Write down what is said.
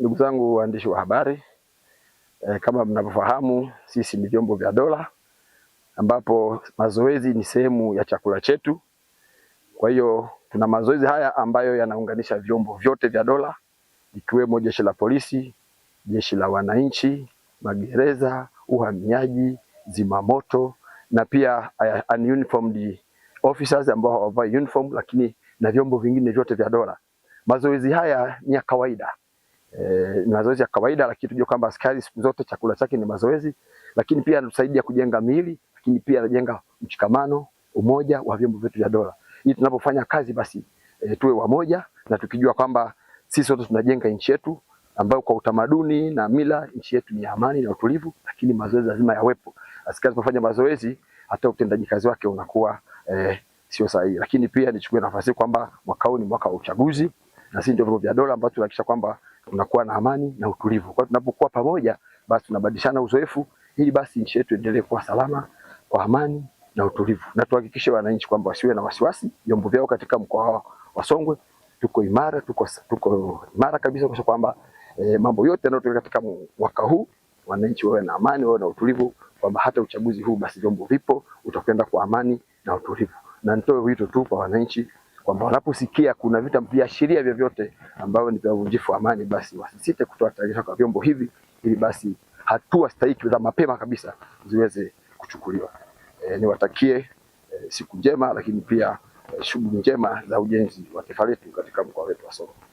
Ndugu zangu waandishi wa habari e, kama mnavyofahamu sisi ni vyombo vya dola ambapo mazoezi ni sehemu ya chakula chetu. Kwa hiyo tuna mazoezi haya ambayo yanaunganisha vyombo vyote vya dola ikiwemo jeshi la polisi, jeshi la wananchi, magereza, uhamiaji, zimamoto na pia ununiformed eh, officers ambao hawavai uniform, lakini na vyombo vingine vyote vya dola. Mazoezi haya ni ya kawaida eh, mazoezi ya kawaida, lakini tujue kwamba askari siku zote chakula chake ni mazoezi, lakini pia anatusaidia kujenga miili, lakini pia anajenga mshikamano, umoja wa vyombo vyetu vya dola, ili tunapofanya kazi basi eh, tuwe wamoja na tukijua kwamba sisi wote tunajenga nchi yetu ambayo kwa utamaduni na mila nchi yetu ni amani na utulivu, lakini mazoezi lazima yawepo. Askari anapofanya mazoezi, hata utendaji kazi wake unakuwa eh, sio sahihi. Lakini pia nichukue nafasi kwamba mwaka huu ni mwaka wa uchaguzi, na sisi ndio vyombo vya dola ambao tunahakikisha kwamba tunakuwa na amani na utulivu. Kwa tunapokuwa pamoja, basi tunabadilishana uzoefu ili basi nchi yetu endelee kuwa salama kwa amani na utulivu, na tuhakikishe wananchi kwamba wasiwe na wasiwasi vyombo vyao katika mkoa wa Songwe. Tuko imara, tuko, tuko imara kabisa kwa kwamba e, mambo yote yanayotokea katika mwaka huu wananchi wawe na amani, wawe na utulivu, kwamba hata uchaguzi huu basi vyombo vipo utakwenda kwa amani na utulivu. Na nitoe wito tu kwa wananchi kwamba wanaposikia kuna vita viashiria vyovyote ambavyo ni vya uvunjifu wa amani, basi wasisite kutoa taarifa kwa vyombo hivi, ili basi hatua stahiki za mapema kabisa ziweze kuchukuliwa. E, niwatakie e, siku njema, lakini pia e, shughuli njema za ujenzi wa taifa letu katika mkoa wetu wa Songwe.